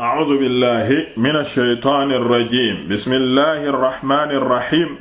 a'uudu billahi mina shaytaani rajiim bismillahi rahmaani rahiim.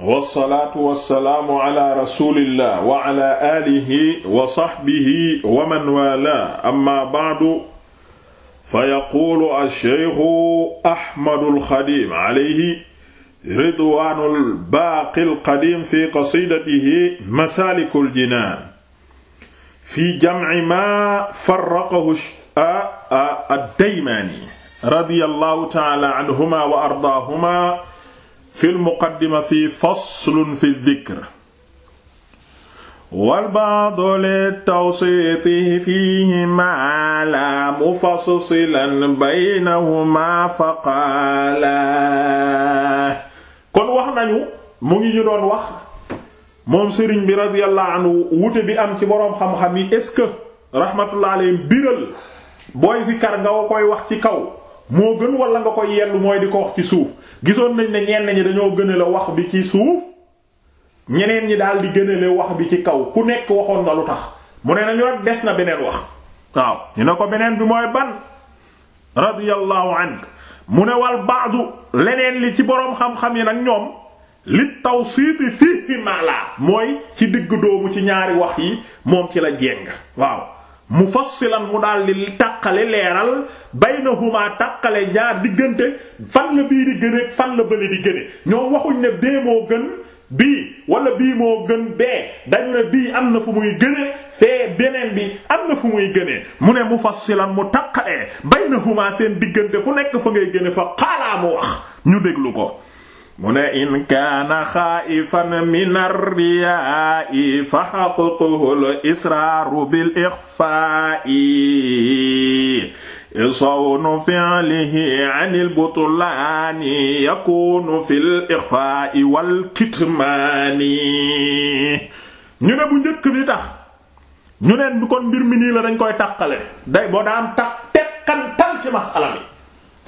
wasalaatu wasalaamu ala rasulillah wa ala aalihi wa saxbihi wa man waalaahu amma ba'du fa yaquulu ash-shaykhu Ahmadul Xadiim alayhi ridwaanul baaqil qadiim fi qasiidatihi masaalikul jinaan fi jam'i maa farraqahu ad-Daymaani radiyallahu ta'ala anhuma wa ardaahuma fi al-muqaddima fi faslun fi adh-dhikr والبعض للتوسيط فيهما لا مفصلا بينهما فقالا kon wax nañu mu ngi ñu doon wax moom sëriñ bi radiyallahu anhu wuute bi am ci boroom xam-xam yi est-ce que rahmatullahi alayhi biral booy zikar nga koy wax ci kaw moo gën walla nga koy yellu mooy di ko wax ci suuf gisoon nañ ne ñenn ñi dañoo gën la wax bi ci suuf ñeneen ñi daal di gën a wax bi ci kaw ku nekk waxoon nga lu tax mu ne nañu rek des na beneen wax waaw ñu ne ko beneen bi mooy ban radiyallahu ank mu ne wal baadu leneen li ci boroom xam-xam yi nag ñoom li tawsiiti fiihi mala mooy ci digg doomu ci ñaari wax yi moom ci la jéng waaw mufassilan mu daal di taqale leeral baynahuma taqale ñaar diggante fan la bii di gëne fan la bële di gëne ñoo waxuñ ne bee moo gën bii wala bii moo gën bee dañu ne bii am na fu muy gënee fee beneen bi am na fu muy gënee mu ne mufassilan mu taqalee baynahuma seen diggante fu nekk fa ngay gëne fa xaalaa mu wax ñu déglu ko mu ne in kaana xaa'ifan min arriyaa'i fa xaququhu l israaru bil ixfaa'i sawnu fi'lihi anil butlaani yakunu fil ixfaa'i wal kitmaani ñu ne bu njëkk bi tax ñu ne kon mbir mi nii la dañ koy taqale day boo daan tax teqantal ci masala mi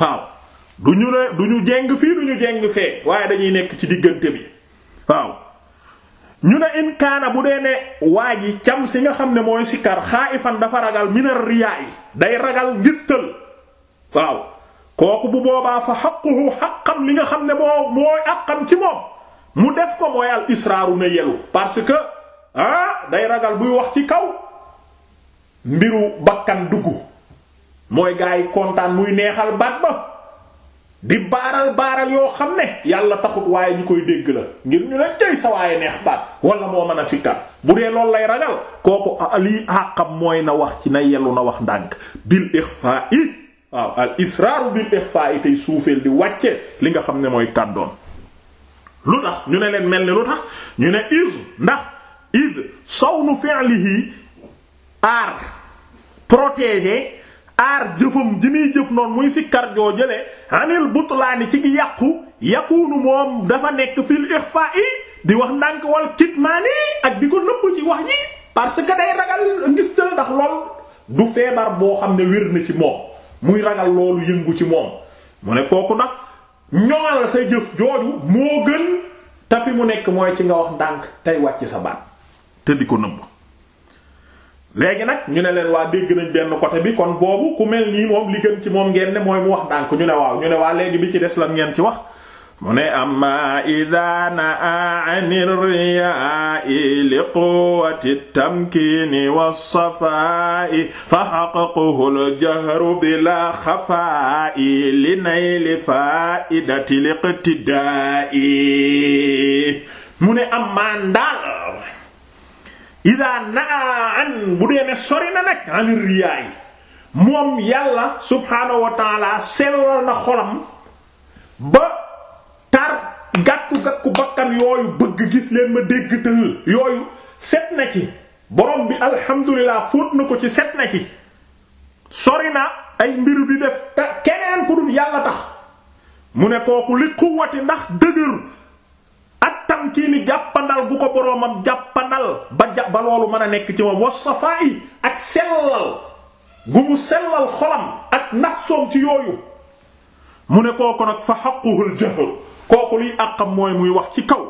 waaw du ñu ne du ñu jéng fii du ñu jéng fee waaye dañuy nekk ci diggante bi waaw ñu ne inkaana bu dee ne waa ji cam si nga xam ne mooy sikkar fan dafa ragal minar riyaa yi day ragal ngistal waaw kooku bu boobaa fa xaquhu xaqam li nga xam ne moo mooy àqam ci moom mu def ko mooy al israaru na yelu parce que ah day ragal buy wax ci kaw mbiru bakkan dugg mooy gaa yi kontaan muy neexal baat ba di baaral baaral yoo xam ne yàlla taxut waaye ñu koy dégg la ngir ñu la cay sa waaye neex baat wala moo mën a sikkar bu dee loolu lay ragal kooku li àqam mooy na wax ci na yellu na wax ndànk bil ixfaa'i waaw al israaru bil ixfaa'i tey suufeel di wàcce li nga xam ne mooy kàddoon lu tax ñu ne leen mel ni lu tax ñu ne iz ndax iz sawnu fi'lihi aar protéger aar jëfam ji muy jëf noonu muy sikkar joo jëlee anil butlaani ci gi yàqu yàquunu moom dafa nekk fil ixfaa'i di wax ndànk wal kitmaani ak di ko nëbb ci wax ji parce que day ragal ngis tël ndax lool du feebar boo xam ne wér na ci moom muy ragal loolu yëngu ci moom mu ne kooku nag ñoŋal sa jëf jooju moo gën te fi mu nekk mooy ci nga wax ndànk tey wàcc sa baat te di ko nëbb léegi nag ñu ne leen waa dégg nañ benn côté bi kon boobu ku mel nii moom li ci moom ngeen ne mooy mu wax ndànk ñu ne waaw ñu ne waa léegi bi ci des lan ngeen ci wax mu ne amma ida naa ani riyaai li quwati tamkini wasafai fa xaqaquhu ljahru bila xafaai li nayli faidati liqtidaai mu ne ammaa ndaal ida naa an bu dee ne sori na nag ani riyaay moom yàlla subhaanahu wa taala sellal na xolam ba tar gàkku-gàkku bakkan yooyu bëgg gis leen ma dégg tël yooyu set na ci borom bi alhamdulilah fóot na ko ci set na ci sori na ay mbiru di def te keneen ku dul yàlla tax mu ne kooku li quwwati ndax dëgër tamkiini jàppandal bu ko boroomam jàppandal ba ja ba loolu mën a nekk ci moom wa safaa'i ak sellal gu mu sellal xolam ak nafsoom ci yooyu mu ne ko nag fa haqquhul jahr kooku liy àqam mooy muy wax ci kaw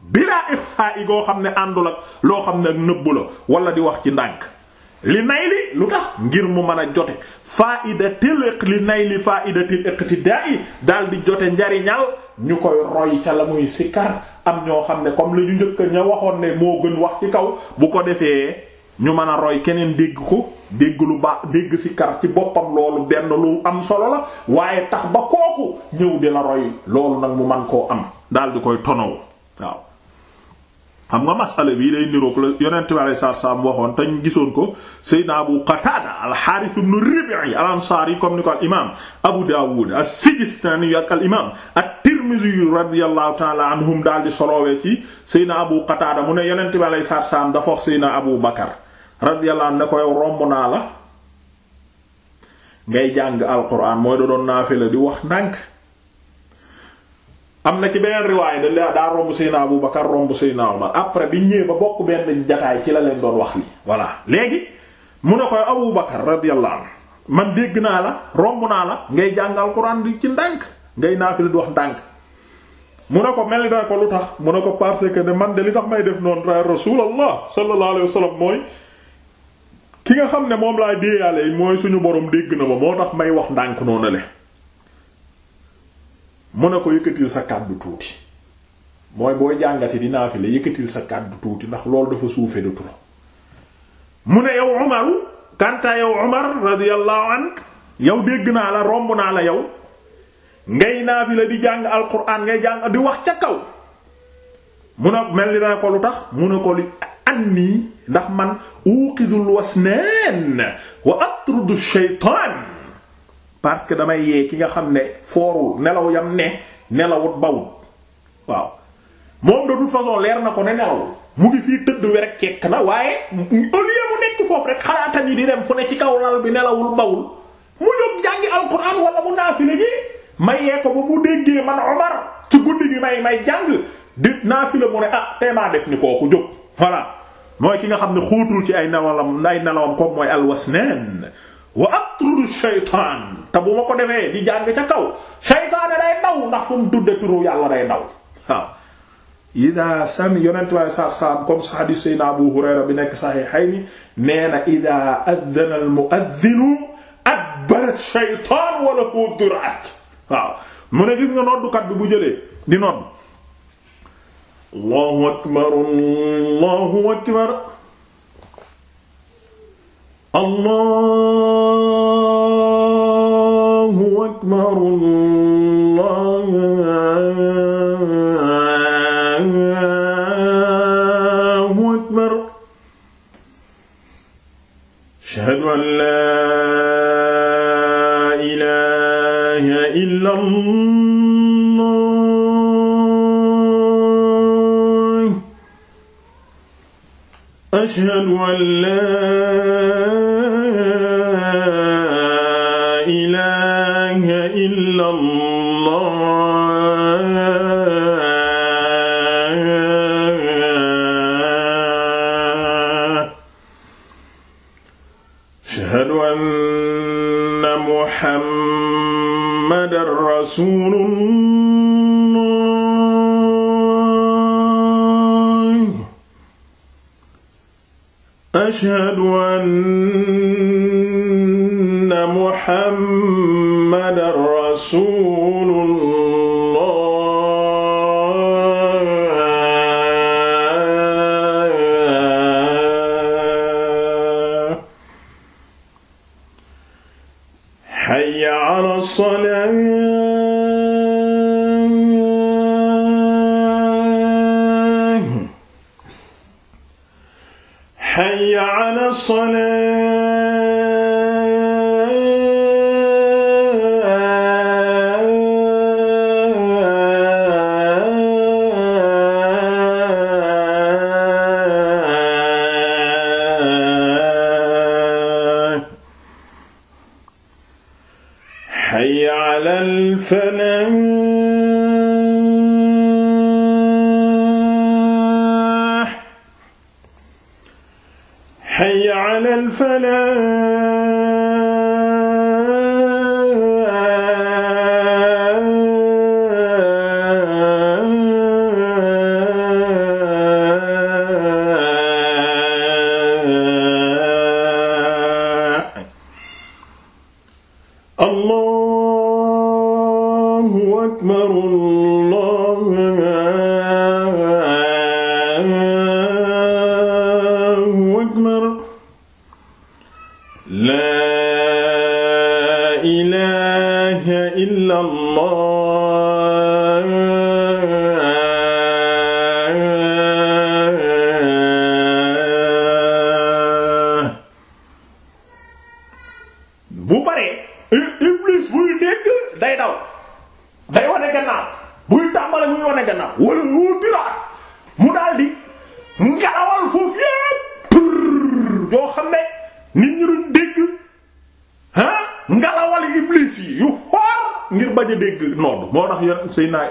bilaa ixfaa'i goo xam ne àndul ak loo xam ne ak nëbbu la wala di wax ci ndànk li nay li lu tax ngir mu mën a jote faidatil li nay li faidatil iqtida'i daal di jote njariñal ñu koy roy ca la muy sikkar am ñoo xam ne comme la ñu njëkk ña waxoon ne moo gën wax ci kaw bu ko defee ñu mën a roy keneen dégg ko dégg lu baax dégg sikkar ci boppam loolu benn lu am solo la waaye tax ba kooku ñëw di la roy loolu nag mu man koo am daal di koy tonaw waaw xam nga masala bi day niroog la yonent bi alei satu waxoon te ñu gisoon ko saydna abu qatada alxaaris ibnu ribi'i al ansaari ni ko al imam abu dawud as-sijistani ak al imam at-tirmidhi radiyallahu anhum daal di solowee ci saydna abu qatada mu ne yonent bi alei satu salaam dafa wax saydna abu bakar radiyallahu anhu koy romb naa la ngay jàng alquran mooy da doon naafila di wax ndànk am na ci beneen riwaay da daa romb Seydina Abu Bakar romb Seydina Omar après bi ñëwee ba bokk benn jataay ci la leen doon wax li voilà léegi mu ne koy Abu Bakar radiyallahu anhu man dégg naa la romb naa la ngay jàngal Alxuraan di ci ndànk ngay naafila di wax ndànk mu ne ko mel na ko lu tax mu ne ko parce que ne man de li tax may def noonu ra Rasulullah sallallahu alayhi wasallam mooy ki nga xam ne moom laay déeyaale mooy suñu borom dégg na ba moo tax may wax ndànk noonu la mun a ko yëkkatil sa kàddu tuuti mooy booy jàngati di naafila yëkkatil sa kàddu tuuti ndax loolu dafa suufe de trop mu ne yow umaru kanta yow umar radiyallahu ank yow dégg naa la romb naa la yow ngay naafila di jàng alquran ngay jàng di wax ca kaw mun a mel ni dana ko lu tax mu a ko li anni ndax man uqidul wasnaan wa atrudu shaytaan parce que damay yee ki nga xam ne foorul nelaw yam ne nelawut bawut waaw moom de toute façon leer na ko ne nelawul mu ngi fii tëdd we rek cekk na waaye au lieu mu nekk foofu rek xalaatam yi di dem fu ne ci kaw lal bi nelawul bawul mu jóg jàngi alxuraan wala mu naafile ji may yee ko ba bu déggee man Omar ci guddi gi may may jàng di naafile mu ne ah tey maa def ni kooku jóg voilà mooy ki nga xam ne xóotul ci ay nelawam ay nelawam comme mooy alwasnaan wa atrud shaytaan te bu ma ko defee di jàng ca kaw shaytaane day daw ndax fu mu tudde turu yàlla day daw waaw ida sami yonent bi saa sa hadith sayna Abu Hurayra bi nekk saxiixayni nee na ida addana al muaddinu adbara shaytaan bu jëlee di akbar allahu akbar allahu akbar ashhadu an laa ilaaha illa allah ashhadu an laa rasulullah ashhadu anna muhammadan rasulullah hayya ala salat as-salaa hayya alal Allahu akbar ngalawal iblis yi yu xoor ngir bañ a dégg nodd moo tax yon Seydina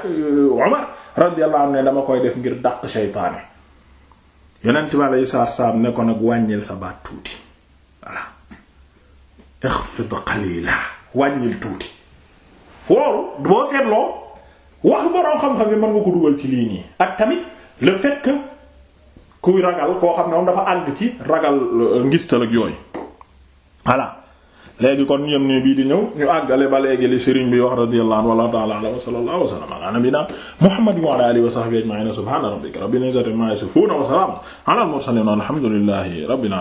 Umar euh, radiyallahu anhu ne dama koy def ngir dàq seytaane yonent bi aleyhi salaatu salaam ne ko nag wàññil sa baat tuuti voilà ixfid qalila wàññil tuuti fooru boo seetloo wax boroom xam-xam yi mën nga ko dugal ci lii nii ak tamit le fait kuy ragal koo xam ne moom dafa àgg ci ragal euh, ngistal ak yooyu léegi kon ñu yem ne bii di ñëw ñu àggale ba léegi li sëriñ bi wax radiyallahu anhu wallahu ta'ala wa sallallahu wa sallama ala nabiyyina muhammadin wa ala alihi wa sahbihi ajma'in subhana rabbika rabbil izzati amma yasifun wa salamun ala al mursalin walhamdulillahi rabbil alamin